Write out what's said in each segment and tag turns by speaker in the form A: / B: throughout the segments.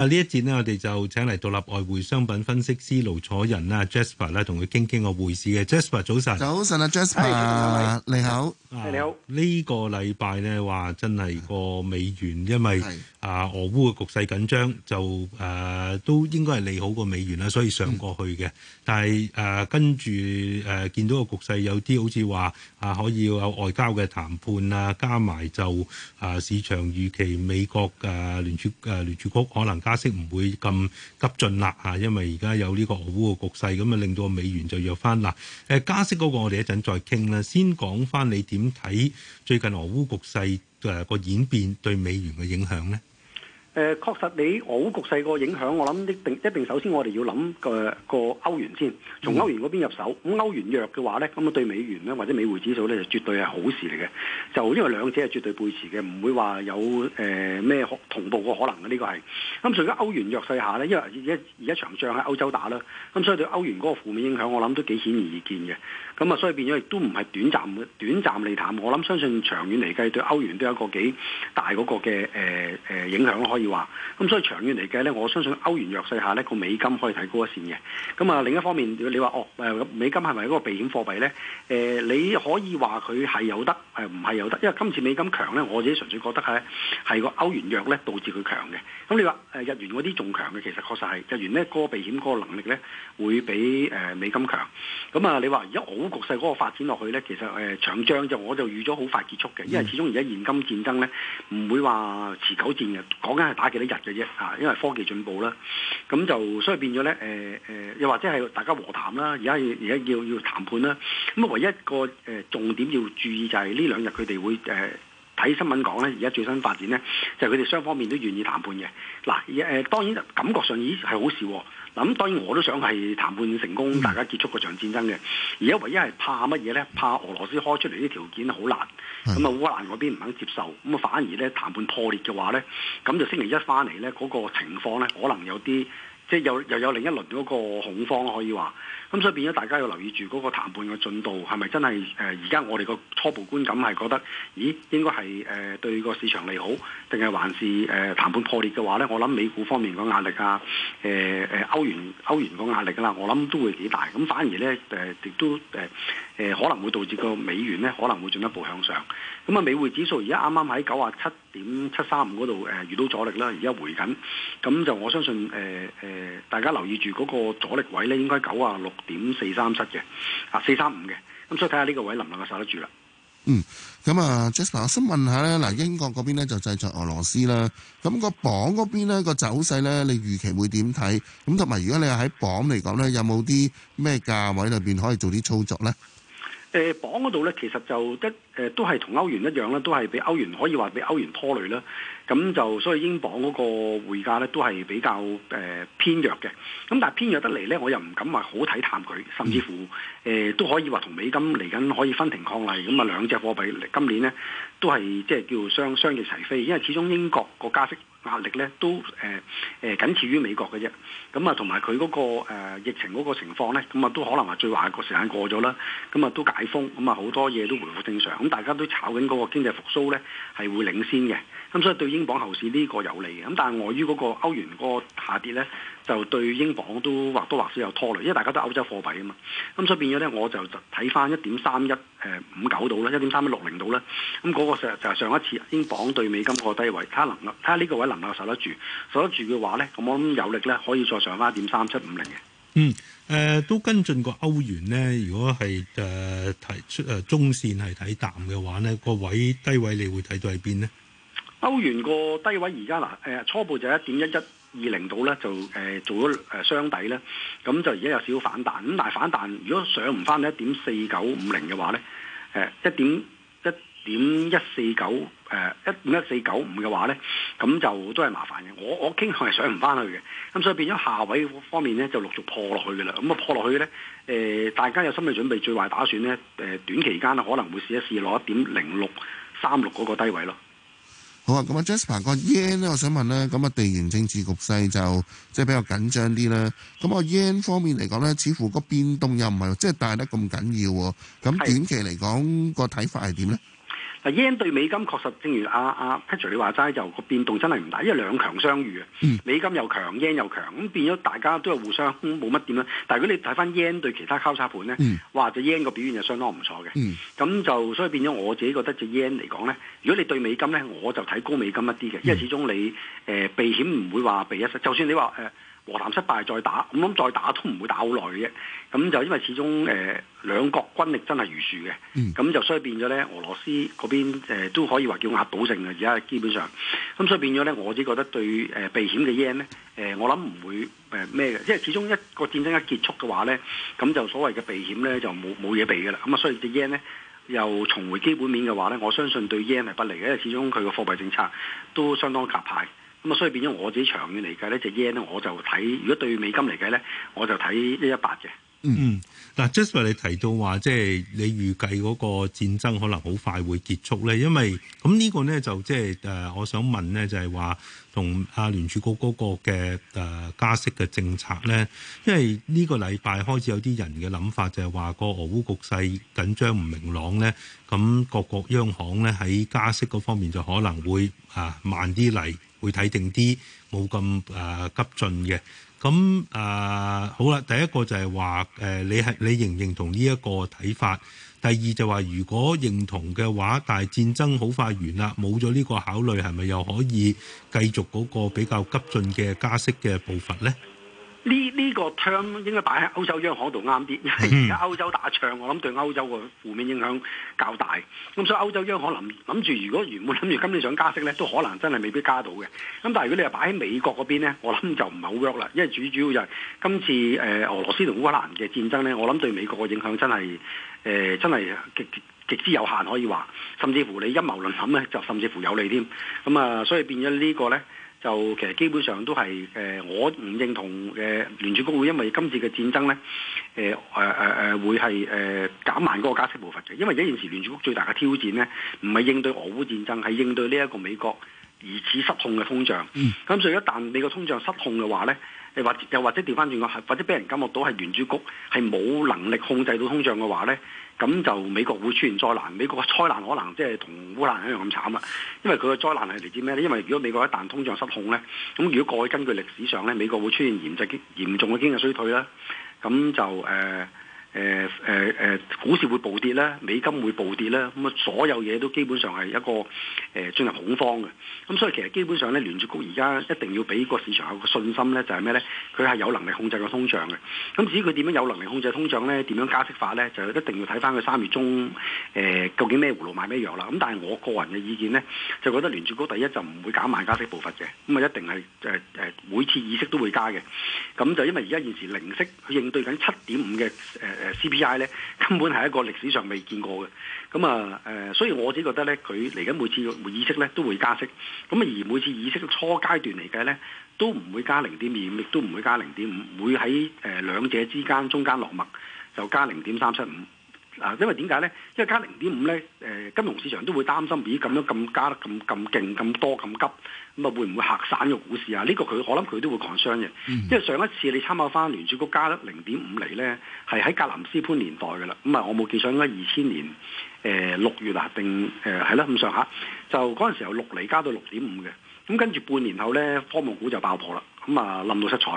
A: 啊！呢一節呢，我哋就請嚟獨立外匯商品分析師盧楚仁啦，Jasper 啦，同佢傾傾個匯市嘅。Jasper 早晨，早晨啊，Jasper，hey, 你好，你、啊、好。Hey, 個呢個禮拜呢話真係個美元，因為、hey. 啊俄烏嘅局勢緊張，就誒、啊、都應該係利好過美元啦，所以上過去嘅、嗯。但係誒跟住誒見到個局勢有啲好似話啊可以有外交嘅談判啊，加埋就啊市場預期美國誒聯儲誒聯儲局可能加加息唔會咁急進啦嚇，因為而家有呢個俄烏嘅局勢，咁啊令到美元就弱翻啦。誒加息嗰個我哋一陣再傾啦，先講翻你點睇最近俄烏局勢誒個演變對美元嘅影響咧？
B: 誒、呃、確實你，俄烏局勢個影響，我諗一定一定，首先我哋要諗個,個歐元先，從歐元嗰邊入手。咁歐元弱嘅話呢，咁啊對美元呢或者美匯指數呢，就絕對係好事嚟嘅。就因為兩者係絕對背馳嘅，唔會話有誒咩、呃、同步嘅可能嘅呢、呢個係。咁隨家歐元弱勢下呢，因為而而家場仗喺歐洲打啦，咁所以對歐元嗰個負面影響，我諗都幾顯而易見嘅。咁啊，所以變咗亦都唔係短暫短暫利淡，我諗相信長遠嚟計對歐元都有一個幾大嗰個嘅誒誒影響可以話。咁所以長遠嚟計呢，我相信歐元弱勢下呢個美金可以睇高一線嘅。咁啊，另一方面如果你話哦，美金係咪嗰個避險貨幣呢？誒、呃，你可以話佢係有得，唔係有得，因為今次美金強呢，我自己純粹覺得係係個歐元弱呢導致佢強嘅。咁你話日元嗰啲仲強嘅，其實確實係日元呢嗰個避險嗰個能力呢會比誒、呃、美金強。咁啊，你話而家局勢嗰個發展落去呢，其實誒、呃、長章就我就預咗好快結束嘅，因為始終而家現今戰爭呢，唔會話持久戰嘅，講緊係打幾多日嘅啫吓，因為科技進步啦，咁就所以變咗呢，誒、呃、誒、呃，又或者係大家和談啦，而家而家要要談判啦，咁啊唯一一個誒、呃、重點要注意就係呢兩日佢哋會誒睇、呃、新聞講呢，而家最新發展呢，就係佢哋雙方面都願意談判嘅，嗱誒、呃、當然感覺上咦係好事。咁當然我都想係談判成功，大家結束嗰場戰爭嘅。而家唯一係怕乜嘢呢？怕俄羅斯開出嚟啲條件好難，咁啊烏蘭嗰邊唔肯接受。咁啊反而呢，談判破裂嘅話呢，咁就星期一翻嚟呢嗰個情況呢，可能有啲。即係又又有另一輪嗰個恐慌可以話，咁所以變咗大家要留意住嗰個談判嘅進度係咪真係誒？呃，而家我哋個初步觀感係覺得，咦？應該係誒、呃、對個市場利好，定係還是誒、呃、談判破裂嘅話呢？我諗美股方面個壓力啊，誒、呃、誒歐元歐元個壓力啦，我諗都會幾大。咁反而呢，誒、呃、亦都誒誒、呃、可能會導致個美元呢可能會進一步向上。咁啊，美匯指數而家啱啱喺九啊七點七三五嗰度誒遇到阻力啦，而家回緊，咁就我相信誒誒、呃呃，大家留意住嗰個阻力位咧，應該九啊六點四三七嘅，啊四三五嘅，咁所以睇下呢個位能唔能夠守得住啦。嗯，
C: 咁、嗯、啊 Jasper，我先問下咧，嗱英國嗰邊咧就製作俄羅斯啦，咁個榜嗰邊咧個走勢咧，你預期會點睇？咁同埋如果你係喺榜嚟講咧，有冇啲咩價位入邊可以做啲操作咧？
B: 誒鎊嗰度咧，其實就一誒、呃、都係同歐元一樣啦，都係俾歐元可以話俾歐元拖累啦。咁就所以英鎊嗰個匯價咧，都係比較誒、呃、偏弱嘅。咁但係偏弱得嚟咧，我又唔敢話好睇淡佢，甚至乎誒、呃、都可以話同美金嚟緊可以分庭抗禮。咁啊兩隻貨幣嚟今年呢都係即係叫雙雙翼齊飛，因為始終英國個加息壓力咧都誒誒、呃呃、僅次於美國嘅啫，咁啊同埋佢嗰個、呃、疫情嗰個情況咧，咁啊都可能話最壞個時間過咗啦，咁啊都解封，咁啊好多嘢都回復正常，咁大家都炒緊嗰個經濟復甦咧係會領先嘅。咁、嗯、所以對英鎊後市呢個有利嘅，咁但係礙於嗰個歐元嗰個下跌咧，就對英鎊都，都或多或少有拖累，因為大家都歐洲貨幣啊嘛。咁、嗯、所以變咗咧，我就就睇翻一點三一誒五九度啦，一點三一六零度啦。咁、那、嗰個就就係上一次英鎊對美金個低位，睇下能，睇下呢個位能唔能夠守得住，守得住嘅話咧，咁我諗有力咧可以再上翻一點三七五零嘅。
A: 嗯，誒、呃、都跟進個歐元咧。如果係誒提出誒中線係睇淡嘅話咧，個位低位你會睇到喺邊呢？
B: 歐元個低位而家嗱，誒、呃、初步就，是就、呃呃、就一點一一二零度咧，就誒做咗誒雙底咧，咁就而家有少少反彈，咁但係反彈如果上唔翻一點四九五零嘅話咧，誒一點一點一四九誒一點一四九五嘅話咧，咁就都係麻煩嘅，我我傾向係上唔翻去嘅，咁所以變咗下位方面咧就陸續破落去嘅啦，咁啊破落去咧誒、呃、大家有心理準備，最壞打算咧誒、呃、短期間可能會試一試攞一點零六三六嗰個低位咯。
C: 好啊，咁啊，Jasper 個 yen 咧，我想問咧，咁啊地緣政治局勢就即係比較緊張啲啦。咁啊 yen 方面嚟講咧，似乎個變動又唔係即係大得咁緊要喎。咁短期嚟講個睇法係點咧？
B: 嗱，yen 對美金確實，正如阿阿 Patrick 你話齋，就個變動真係唔大，因為兩強相遇啊、嗯，美金又強，yen 又強，咁變咗大家都係互相，冇乜點啦。但係如果你睇翻 yen 對其他交叉盤咧、嗯，哇，就 yen 個表現就相當唔錯嘅。咁、嗯、就所以變咗我自己覺得，隻 yen 嚟講咧，如果你對美金咧，我就睇高美金一啲嘅、嗯，因為始終你誒、呃、避險唔會話避一息，就算你話誒、呃和談失敗再打，我諗再打都唔會打好耐嘅啫。咁就因為始終誒、呃、兩國軍力真係如殊嘅，咁、嗯、就所以變咗咧，俄羅斯嗰邊、呃、都可以話叫壓倒性嘅，而家基本上。咁所以變咗咧，我自己覺得對誒避險嘅 yen 咧，誒、呃、我諗唔會誒咩嘅，因、呃、為始終一個戰爭一結束嘅話咧，咁就所謂嘅避險咧就冇冇嘢避嘅啦。咁啊，所以隻 yen 咧又重回基本面嘅話咧，我相信對 yen 係不利嘅，因為始終佢個貨幣政策都相當鴿派。咁啊，所以變咗我自己長遠嚟講咧，就 yen 咧，我就睇。如果對美金嚟講咧，我就睇一一八嘅。
A: 嗯嗯。嗱 Justine 你提到話，即係你預計嗰個戰爭可能好快會結束咧，因為咁呢個咧就即係呃、我想問咧就係話，同阿聯儲局嗰個嘅、呃、加息嘅政策咧，因為呢個禮拜開始有啲人嘅諗法就係話個俄烏局勢緊張唔明朗咧，咁各國央行咧喺加息嗰方面就可能會啊、呃、慢啲嚟。會睇定啲，冇咁誒急進嘅。咁誒、呃、好啦，第一個就係話誒你係你認唔認同呢一個睇法？第二就話如果認同嘅話，但係戰爭好快完啦，冇咗呢個考慮，係咪又可以繼續嗰個比較急進嘅加息嘅步伐呢？
B: 呢呢、這個 term 應該擺喺歐洲央行度啱啲，因為而家歐洲打仗，我諗對歐洲個負面影響較大。咁所以歐洲央行諗諗住，如果原本諗住今年想加息咧，都可能真係未必加到嘅。咁但係如果你話擺喺美國嗰邊咧，我諗就唔係好 work 啦，因為主主要就係今次誒、呃、俄羅斯同烏克蘭嘅戰爭咧，我諗對美國嘅影響真係誒、呃、真係極極之有限可以話，甚至乎你陰謀論諗咧，就甚至乎有利添。咁啊，所以變咗呢個咧。就其實基本上都係誒、呃，我唔認同嘅聯儲局會，因為今次嘅戰爭呢誒誒誒誒會係誒、呃、減慢嗰個加息步伐嘅，因為一件事聯儲局最大嘅挑戰呢，唔係應對俄烏戰爭，係應對呢一個美國疑似失控嘅通脹。咁、嗯、所以一旦美國通脹失控嘅話呢，你或又或者調翻轉講，或者俾人感覺到係聯儲局係冇能力控制到通脹嘅話呢。咁就美國會出現災難，美國嘅災難可能即係同烏蘭一樣咁慘啦。因為佢個災難係嚟自咩呢？因為如果美國一旦通脹失控呢，咁如果過去根據歷史上呢，美國會出現嚴重嚴重嘅經濟衰退啦。咁就誒。呃誒誒誒，股市會暴跌啦，美金會暴跌啦，咁、嗯、啊，所有嘢都基本上係一個誒、嗯、進入恐慌嘅。咁、嗯、所以其實基本上咧，聯儲局而家一定要俾個市場有個信心咧，就係咩咧？佢係有能力控制個通脹嘅。咁、嗯、至於佢點樣有能力控制通脹咧？點樣加息法咧？就一定要睇翻佢三月中誒、呃、究竟咩葫蘆賣咩藥啦。咁、嗯、但係我個人嘅意見咧，就覺得聯儲局第一就唔會減慢加息步伐嘅。咁、嗯、啊，一定係誒誒每次議息都會加嘅。咁、嗯、就因為而家現時零息去應對緊七點五嘅誒。呃 CPI 咧根本係一個歷史上未見過嘅，咁啊誒，所以我只覺得咧，佢嚟緊每次議息咧都會加息，咁啊而每次議息初階段嚟計咧都唔會加零點二五，亦都唔會加零點五，會喺誒兩者之間中間落墨，就加零點三七五。啊，因為點解咧？因為加零點五咧，誒金融市場都會擔心咦，咁樣咁加得咁咁勁、咁多、咁急，咁啊會唔會嚇散個股市啊？呢個佢我諗佢都會 concern 嘅。因為上一次你參考翻聯儲局加得零點五嚟咧，係喺格林斯潘年代嘅啦。咁啊，我冇記上2000，應該二千年誒六月啊，定誒係啦咁上下，就嗰陣時候六釐加到六點五嘅。咁跟住半年後咧，科務股就爆破啦。咁啊冧到七彩。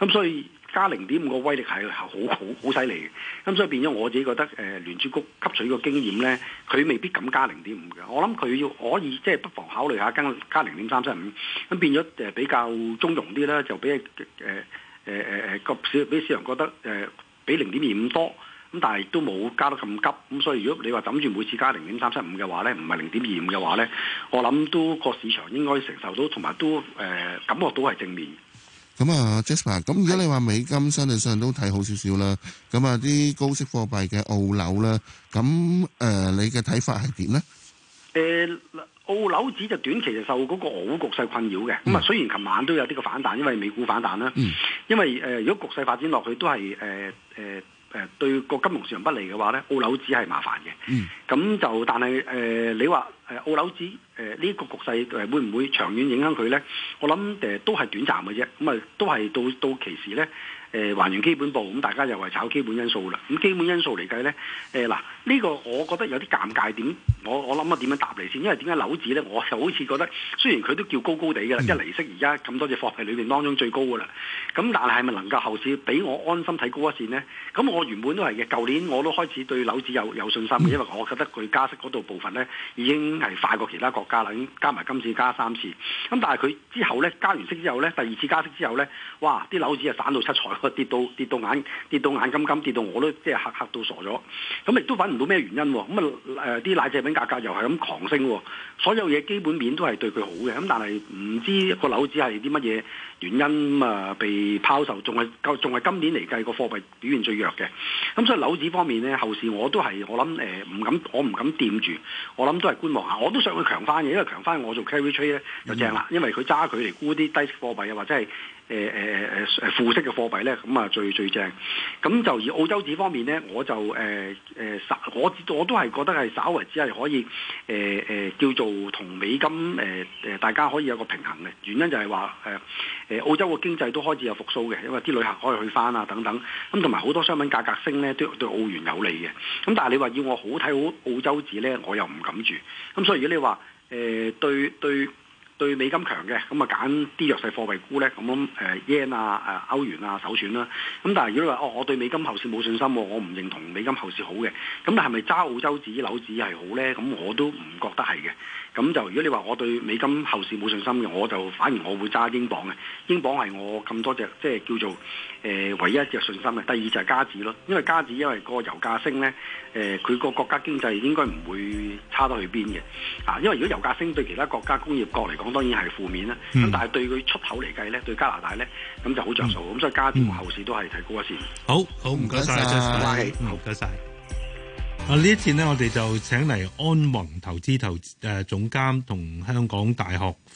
B: 咁所以。加零點五個威力係好好好犀利嘅，咁、嗯、所以變咗我自己覺得誒、呃、聯儲局吸取個經驗咧，佢未必敢加零點五嘅。我諗佢要可以即係、就是、不妨考慮一下加加零點三七五，咁、嗯、變咗誒比較中庸啲啦，就俾誒誒誒誒個俾市場覺得誒、呃、比零點二五多，咁但係都冇加得咁急，咁所以如果你話諗住每次加零點三七五嘅話咧，唔係零點二五嘅話咧，我諗都個市場應該承受到，同埋都誒、呃、感覺到係正面。
C: 咁啊，Jasper，咁如果你話美金，相對上都睇好少少啦。咁啊，啲高息貨幣嘅澳樓啦，咁誒，你嘅睇法係點咧？誒，
B: 澳樓指就短期就受嗰個俄烏局勢困擾嘅。咁、嗯、啊，雖然琴晚都有啲個反彈，因為美股反彈啦。嗯。因為、呃、如果局勢發展落去都係誒、呃呃、對個金融市場不利嘅話咧，澳樓指係麻煩嘅。咁、嗯、就但係誒、呃，你話、呃、澳樓指。誒、呃、呢、這個局勢誒會唔會長遠影響佢呢？我諗誒、呃、都係短暫嘅啫，咁啊都係到到其時呢誒、呃、還原基本步，咁大家又係炒基本因素啦。咁基本因素嚟計呢。誒、呃、嗱。呢、這個我覺得有啲尷尬，點我我諗下點樣答你先？因為點解樓子呢？我又好似覺得雖然佢都叫高高地嘅，即係利息而家咁多隻貨幣裏面當中最高嘅啦。咁但係係咪能夠後市俾我安心睇高一線呢？咁我原本都係嘅，舊年我都開始對樓子有有信心，因為我覺得佢加息嗰度部分呢已經係快過其他國家啦，已經加埋今次加三次。咁但係佢之後呢，加完息之後呢，第二次加息之後呢，哇！啲樓子就散到七彩，跌到跌到眼跌到眼金金，跌到我都即係嚇嚇到傻咗。咁亦都反。冇咩原因喎，咁啊誒啲奶製品價格又係咁狂升，所有嘢基本面都係對佢好嘅，咁但係唔知個樓指係啲乜嘢。原因啊，被拋售，仲係仲係今年嚟計個貨幣表現最弱嘅。咁、嗯、所以樓市方面呢，後市我都係我諗誒，唔、呃、敢，我唔敢掂住，我諗都係觀望下。我都想去強翻嘅，因為強翻我做 carry trade 咧就正啦，因為佢揸佢嚟沽啲低息貨幣又或者係誒誒誒負息嘅貨幣咧，咁啊最最正。咁就而澳洲紙方面呢，我就誒、呃、我我都係覺得係稍微只係可以誒、呃、叫做同美金、呃、大家可以有個平衡嘅原因就係話誒。呃澳洲嘅經濟都開始有復甦嘅，因為啲旅客可以去翻啊等等，咁同埋好多商品價格升呢，都對澳元有利嘅。咁但係你話要我好睇好澳洲紙呢，我又唔敢住。咁所以如果你話誒、呃、對對對美金強嘅，咁啊揀啲弱勢貨幣估呢，咁誒 yen 啊誒歐元啊首選啦、啊。咁但係如果你話哦，我對美金後市冇信心，我唔認同美金後市好嘅，咁但係咪揸澳洲紙紐紙係好呢？咁我都唔覺得係嘅。咁就如果你話我對美金後市冇信心嘅，我就反而我會揸英鎊嘅。英鎊係我咁多隻，即係叫做、呃、唯一,一隻信心嘅。第二就係加紙咯，因為加紙因為個油價升咧，佢、呃、個國家經濟應該唔會差得去邊嘅。啊，因為如果油價升對其他國家工業國嚟講，當然係負面啦。咁、嗯、但係對佢出口嚟計咧，對加拿大咧，咁就好著數。咁、嗯、所以加紙同後市都係睇高一線。
A: 好，好唔該曬，唔啊！呢一次咧，我哋就請嚟安泓投資投資總監同香港大學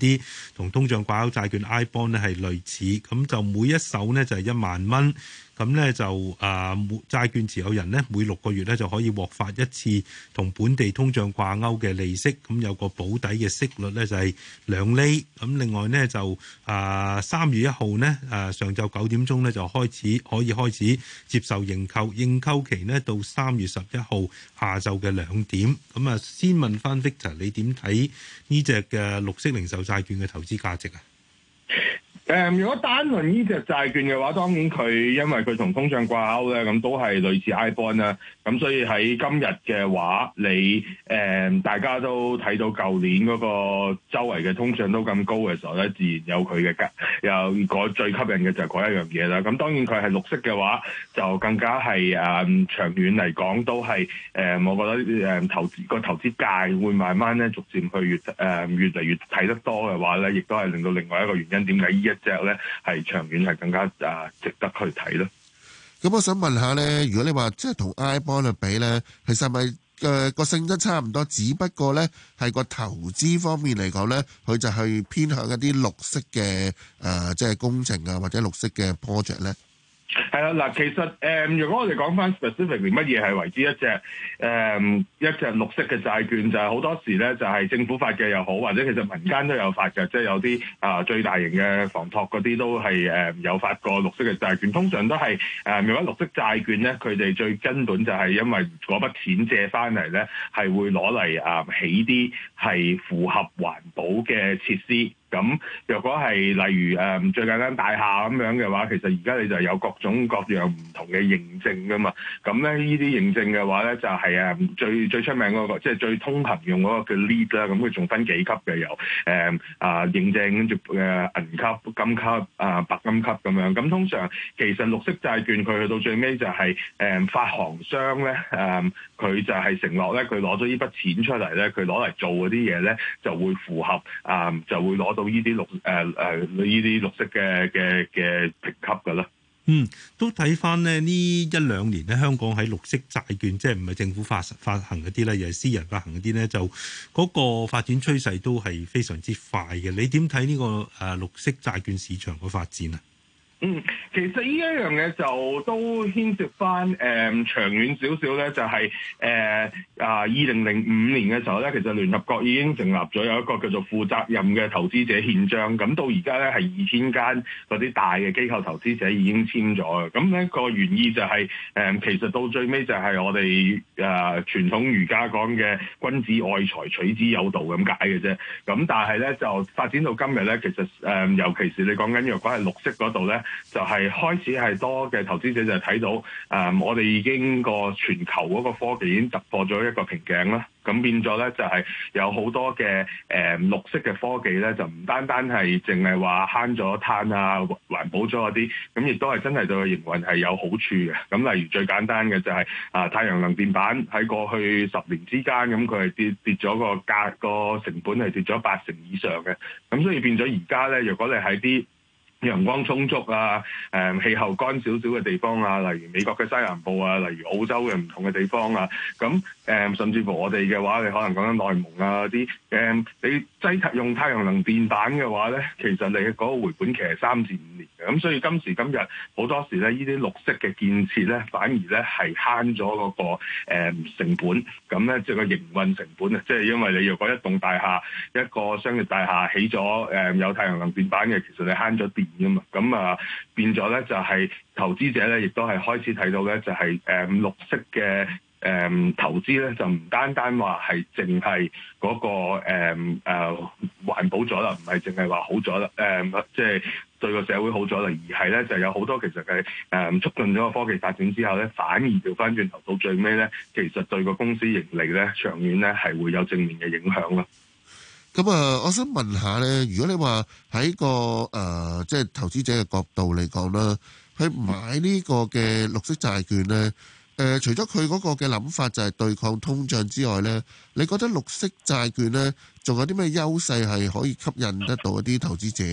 A: 啲同通脹掛鈎債券 iBond 呢，係類似，咁就每一手呢，就係一萬蚊。咁呢就啊，債券持有人呢每六個月呢就可以獲發一次同本地通脹掛鈎嘅利息，咁有個保底嘅息率呢就係兩厘。咁另外呢就啊，三月一號呢啊，上晝九點鐘呢就開始可以開始接受認購，認購期呢到三月十一號下晝嘅兩點。咁啊，先問翻 Victor，你點睇呢隻嘅綠色零售債券嘅投資價值啊？
D: 如果單純呢隻債券嘅話，當然佢因為佢同通脹掛鈎咧，咁都係類似 iBond 啦。咁所以喺今日嘅話，你、呃、大家都睇到舊年嗰個周圍嘅通脹都咁高嘅時候咧，自然有佢嘅價。有嗰最吸引嘅就係嗰一樣嘢啦。咁當然佢係綠色嘅話，就更加係誒、呃、長遠嚟講都係、呃、我覺得、呃、投資個投資界會慢慢咧逐漸去越、呃、越嚟越睇得多嘅話咧，亦都係令到另外一個原因點解呢一。只
C: 咧係長遠係更加啊值得去睇咯。咁我想問下咧，如果你話即係同 I bond 比咧，其實係咪誒個性質差唔多？只不過咧係個投資方面嚟講咧，佢就係偏向一啲綠色嘅誒、呃，即係工程啊或者綠色嘅 project 咧？
D: 係啊，嗱，其實誒、嗯，如果我哋講翻 specifically 乜嘢係為之一隻誒、嗯、一隻綠色嘅債券，就係、是、好多時咧，就係政府發嘅又好，或者其實民間都有發嘅，即、就、係、是、有啲啊最大型嘅房託嗰啲都係誒有發過綠色嘅債券，通常都係誒如果綠色債券咧，佢哋最根本就係因為嗰筆錢借翻嚟咧，係會攞嚟啊起啲係符合環保嘅設施。咁若果係例如、嗯、最簡單大廈咁樣嘅話，其實而家你就有各種各樣唔同嘅認證噶嘛。咁咧呢啲認證嘅話咧就係、是、最最出名嗰個，即、就、係、是、最通行用嗰個叫 LEED 啦。咁佢仲分幾級嘅，有誒啊認證，跟住誒銀級、金級啊白金級咁樣。咁通常其實綠色債券佢去到最尾就係、是、誒、嗯、發行商咧誒佢就係承諾咧佢攞咗呢筆錢出嚟咧，佢攞嚟做嗰啲嘢咧就會符合啊、嗯、就會攞到。到依啲綠誒誒呢啲綠色嘅嘅嘅
A: 評級㗎啦，嗯，都睇返咧呢一兩年咧香港喺綠色債券，即係唔係政府發發行嗰啲咧，又係私人發行嗰啲咧，就嗰個發展趨勢都係非常之快嘅。你點睇呢個誒綠色債券市場嘅發展啊？
D: 嗯，其實呢一樣嘢就都牽涉翻誒、呃、長遠少少咧，就係、是、誒、呃、啊二零零五年嘅時候咧，其實聯合國已經成立咗有一個叫做負責任嘅投資者憲章，咁到而家咧係二千間嗰啲大嘅機構投資者已經簽咗。咁呢個原意就係、是、呃、其實到最尾就係我哋啊傳統儒家講嘅君子愛財取之有道咁解嘅啫，咁但係咧就發展到今日咧，其實、呃、尤其是你講緊若果係綠色嗰度咧。就係、是、開始係多嘅投資者就睇到，誒、嗯，我哋已經個全球嗰個科技已經突破咗一個瓶頸啦。咁變咗咧，就係、是、有好多嘅誒、嗯、綠色嘅科技咧，就唔單單係淨係話慳咗碳啊，環保咗嗰啲，咁亦都係真係對個營運係有好處嘅。咁例如最簡單嘅就係、是、啊，太陽能電板喺過去十年之間，咁佢係跌跌咗個價個成本係跌咗八成以上嘅。咁所以變咗而家咧，若果你喺啲陽光充足啊，誒、嗯、氣候乾少少嘅地方啊，例如美國嘅西南部啊，例如澳洲嘅唔同嘅地方啊，咁、嗯、甚至乎我哋嘅話，你可能講緊內蒙啊啲、嗯，你擠用太陽能電板嘅話呢，其實你嗰個回本期係三至五年。咁所以今時今日好多時咧，呢啲綠色嘅建設咧，反而咧係慳咗嗰個成本，咁咧即係個營運成本啊，即係因為你若果一棟大廈一個商業大廈起咗誒有太陽能電板嘅，其實你慳咗電噶嘛，咁啊變咗咧就係投資者咧，亦都係開始睇到咧，就係誒綠色嘅。誒、嗯，投資咧就唔單單話係淨係嗰個誒誒環保咗啦，唔係淨係話好咗啦，誒即係對個社會好咗啦，而係咧就有好多其實係誒、嗯、促進咗個科技發展之後咧，反而調翻轉頭到最尾咧，其實對個公司盈利咧長遠咧係會有正面嘅影響咯。咁、嗯、
C: 啊、嗯嗯，我想問下咧，如果你話喺個誒即係投資者嘅角度嚟講啦，去買呢個嘅綠色債券咧？除咗佢嗰個嘅諗法就係對抗通脹之外呢，你覺得綠色債券呢仲有啲咩優
D: 勢係可以吸引
C: 得到一啲投資者？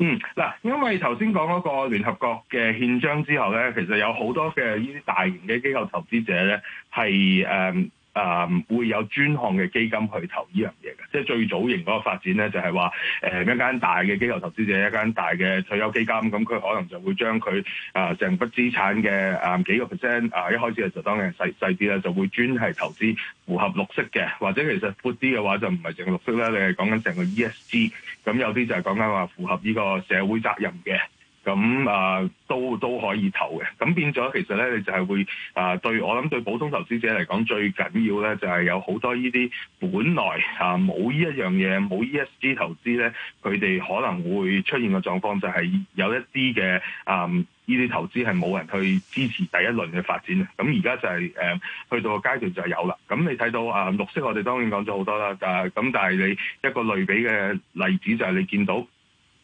D: 嗯，嗱，因為頭先講嗰個聯合國嘅憲章之後呢，其實有好多嘅呢啲大型嘅機構投資者呢係誒，嗯啊、嗯，會有專項嘅基金去投呢樣嘢嘅，即係最早型嗰個發展咧，就係話誒一間大嘅機構投資者，一間大嘅退休基金，咁佢可能就會將佢啊成筆資產嘅啊幾個 percent 啊，一開始就當然細細啲啦，就會專係投資符合綠色嘅，或者其實闊啲嘅話就唔係淨係綠色啦，你係講緊成個 ESG，咁有啲就係講緊話符合呢個社會責任嘅。咁啊，都都可以投嘅。咁變咗，其實咧，你就係會啊，對我諗對普通投資者嚟講，最緊要咧就係有好多呢啲本來啊冇呢一樣嘢，冇 ESG 投資咧，佢哋可能會出現嘅狀況就係有一啲嘅啊，呢啲投資係冇人去支持第一輪嘅發展，就是、啊。咁而家就係誒去到個階段就係有啦。咁你睇到啊，綠色我哋當然講咗好多啦。啊，咁但係你一個類比嘅例子就係你見到。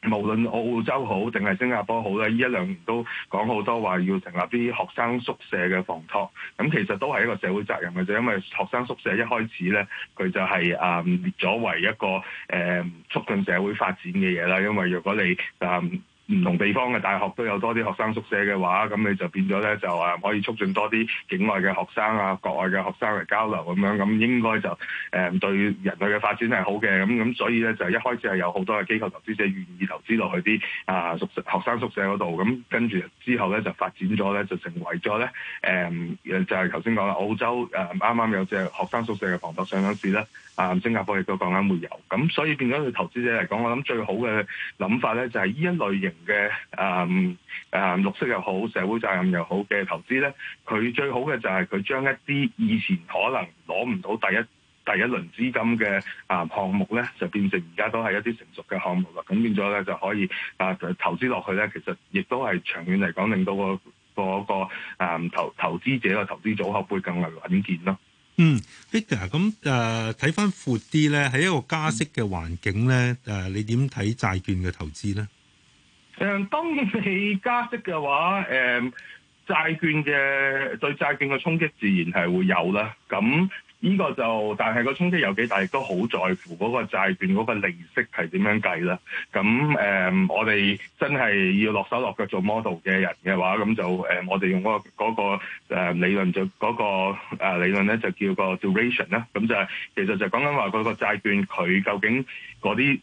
D: 無論澳洲好定係新加坡好咧，呢一兩年都講好多話要成立啲學生宿舍嘅房託。咁其實都係一個社會責任嘅啫。因為學生宿舍一開始咧，佢就係、是呃、列咗為一個誒、呃、促進社會發展嘅嘢啦。因為若果你、呃唔同地方嘅大學都有多啲學生宿舍嘅話，咁你就變咗咧，就可以促進多啲境外嘅學生啊、國外嘅學生嚟交流咁樣，咁應該就誒對人類嘅發展係好嘅，咁咁所以咧就一開始係有好多嘅機構投資者願意投資落去啲啊宿學生宿舍嗰度，咁跟住之後咧就發展咗咧就成為咗咧誒就係頭先講啦，澳洲啱啱有隻學生宿舍嘅房託上上市啦。啊，新加坡亦都講緊會有，咁所以變咗對投資者嚟講，我諗最好嘅諗法咧，就係呢一類型嘅啊啊綠色又好，社會責任又好嘅投資咧，佢最好嘅就係佢將一啲以前可能攞唔到第一第一輪資金嘅啊、嗯、項目咧，就變成而家都係一啲成熟嘅項目啦。咁變咗咧就可以啊投資落去咧，其實亦都係長遠嚟講，令到、個、個個、嗯、投投資者嘅投資組合會更為穩
A: 健咯。嗯，Victor，咁誒睇翻闊啲咧，喺、呃、一個加息嘅環境咧，誒、呃、你點睇債券嘅投資咧？
D: 誒、嗯，當然你加息嘅話，誒、嗯、債券嘅對債券嘅衝擊自然係會有啦。咁。呢、這個就，但係個衝擊有幾大，亦都好在乎嗰個債券嗰個利息係點樣計啦。咁誒、呃，我哋真係要落手落腳做 model 嘅人嘅話，咁就誒、呃，我哋用嗰、嗰、嗰個、嗰個呃、理論就嗰、嗰個、呃、理論咧，就叫個 duration 啦。咁就其實就講緊話嗰個債券佢究竟嗰啲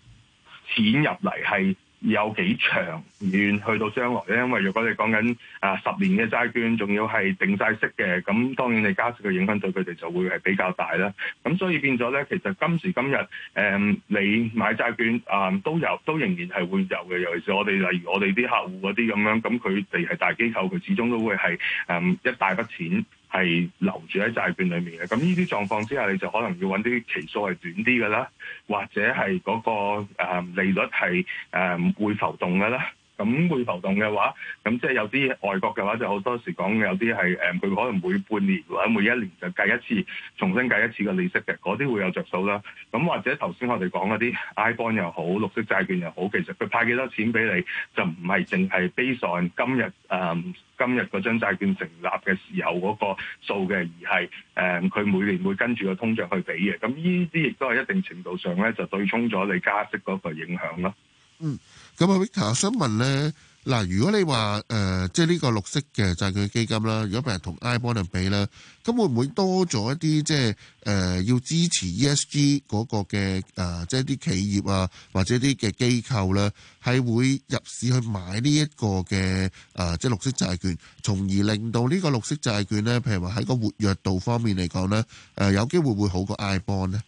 D: 錢入嚟係，有幾長遠去到將來咧？因為如果你講緊啊十年嘅債券是的，仲要係定晒息嘅，咁當然你加息嘅影響對佢哋就會係比較大啦。咁所以變咗咧，其實今時今日，誒、嗯、你買債券啊、嗯、都有，都仍然係會有嘅。尤其是我哋例如我哋啲客戶嗰啲咁樣，咁佢哋係大機構，佢始終都會係誒、嗯、一大筆錢。係留住喺債券裏面嘅，咁呢啲狀況之下，你就可能要揾啲期數係短啲嘅啦，或者係嗰個、誒、利率係誒、會浮動嘅啦。咁會浮動嘅話，咁即係有啲外國嘅話，就好多時講有啲係誒，佢可能每半年或者每一年就計一次，重新計一次嘅利息嘅，嗰啲會有着數啦。咁或者頭先我哋講嗰啲 I Bond 又好，綠色債券又好，其實佢派幾多錢俾你，就唔係淨係 based on 今日誒、嗯、今日嗰張債券成立嘅時候嗰個數嘅，而係誒佢每年會跟住個通脹去俾嘅。咁呢啲亦都係一定程度上咧，就對沖咗你加息嗰個影響咯。
C: 嗯，咁啊，Victor，我想問咧，嗱，如果你話誒、呃，即係呢個綠色嘅債券基金啦，如果俾人同 iBond 比咧，咁會唔會多咗一啲即係、呃、要支持 ESG 嗰個嘅誒、呃，即係啲企業啊，或者啲嘅機構咧，係會入市去買呢一個嘅誒、呃，即係綠色債券，從而令到呢個綠色債券咧，譬如話喺個活躍度方面嚟講咧，誒、呃、有機會會好過 iBond 咧？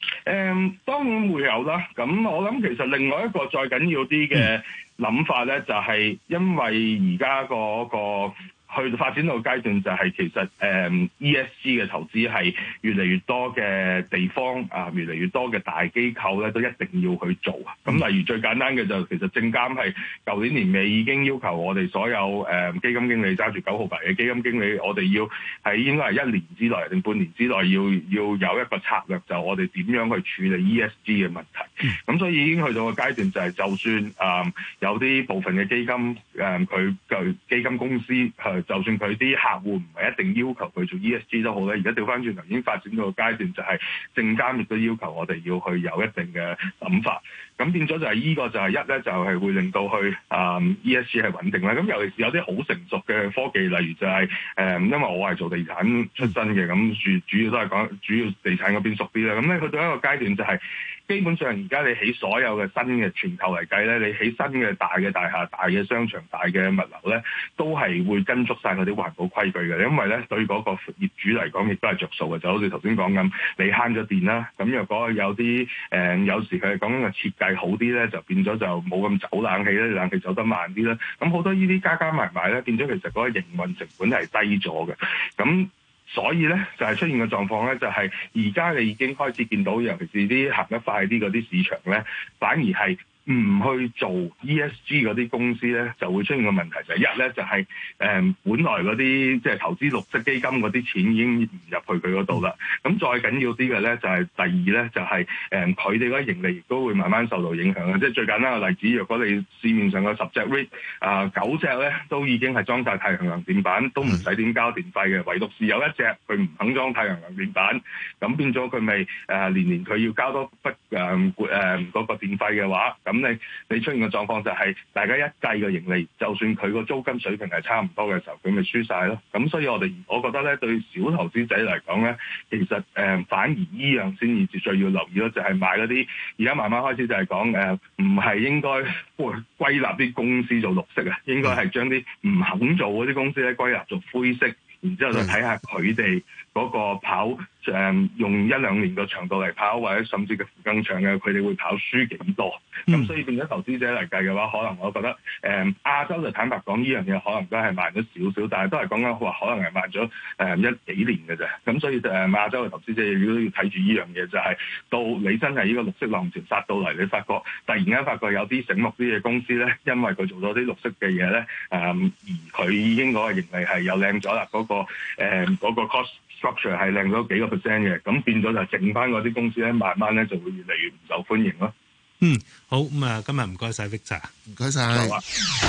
D: 誒、嗯，當然會有啦。咁我諗，其實另外一個再緊要啲嘅諗法咧，就係因為而家嗰個。去發展到階段就係其實誒、嗯、ESG 嘅投資係越嚟越多嘅地方啊、嗯，越嚟越多嘅大機構咧都一定要去做啊。咁例如最簡單嘅就是、其實證監係舊年年尾已經要求我哋所有誒、嗯、基金經理揸住九號牌嘅基金經理，我哋要喺應該係一年之內定半年之內要要有一個策略，就我哋點樣去處理 ESG 嘅問題。咁、嗯、所以已經去到個階段就係、是、就算啊、嗯、有啲部分嘅基金誒佢、嗯、基金公司去。就算佢啲客戶唔係一定要求佢做 ESG 都好咧，而家調翻轉頭已經發展到個階段，就係證監亦都要求我哋要去有一定嘅諗法。咁變咗就係呢個就係一咧，就係、是、會令到去啊 ESG 係穩定啦，咁尤其是有啲好成熟嘅科技，例如就係、是、誒、嗯，因為我係做地產出身嘅，咁主主要都係講主要地產嗰邊熟啲啦。咁咧去到一個階段就係、是、基本上而家你起所有嘅新嘅全球嚟計咧，你起新嘅大嘅大廈、大嘅商場、大嘅物流咧，都係會跟足晒嗰啲環保規矩嘅，因為咧對嗰個業主嚟講亦都係着數嘅。就好似頭先講咁，你慳咗電啦，咁若果有啲、嗯、有時佢講嘅設計。係好啲咧，就變咗就冇咁走冷氣咧，冷氣走得慢啲啦，咁好多呢啲加加埋埋咧，變咗其實嗰個營運成本係低咗嘅。咁所以咧就係出現嘅狀況咧，就係而家你已經開始見到，尤其是啲行得快啲嗰啲市場咧，反而係。唔去做 ESG 嗰啲公司咧，就會出現個問題，一呢就係，一咧就係誒，本來嗰啲即係投資綠色基金嗰啲錢已經唔入去佢嗰度啦。咁、嗯、再緊要啲嘅咧就係、是、第二咧就係、是、誒，佢哋嗰啲盈利亦都會慢慢受到影響嘅。即係最簡單嘅例子，若果你市面上嘅十隻 REIT 啊，九隻咧都已經係裝晒太陽能電板，都唔使點交電費嘅。唯獨是有一隻佢唔肯裝太陽能電板，咁變咗佢咪誒年年佢要交多筆誒嗰個電費嘅話。咁你你出現嘅狀況就係大家一計嘅盈利，就算佢個租金水平係差唔多嘅時候，佢咪輸晒咯。咁所以我哋我覺得咧，對小投資者嚟講咧，其實、呃、反而依樣先至最要留意咯，就係買嗰啲而家慢慢開始就係講誒，唔係應該歸納啲公司做綠色啊，應該係將啲唔肯做嗰啲公司咧歸納做灰色，然之後就睇下佢哋嗰個跑。誒用一兩年嘅長度嚟跑，或者甚至乎更長嘅，佢哋會跑輸幾多？咁、嗯、所以變咗投資者嚟計嘅話，可能我覺得誒、嗯、亞洲就坦白講呢樣嘢，可能都係慢咗少少，但係都係講緊話，可能係慢咗誒一幾年嘅啫。咁所以就誒、嗯、亞洲嘅投資者如果要睇住呢樣嘢，就係、是、到你真係呢個綠色浪潮殺到嚟，你發覺突然間發覺有啲醒目啲嘅公司咧，因為佢做咗啲綠色嘅嘢咧，誒、嗯、而佢已經嗰個盈利係又靚咗啦，嗰個、嗯嗰個 cost。Structure 係靚咗幾個 percent 嘅，咁變咗就剩翻嗰啲公司咧，慢慢咧就會越嚟越唔受歡迎咯。
A: 嗯，好，咁啊，今日唔該晒 Victor 啊，唔該晒。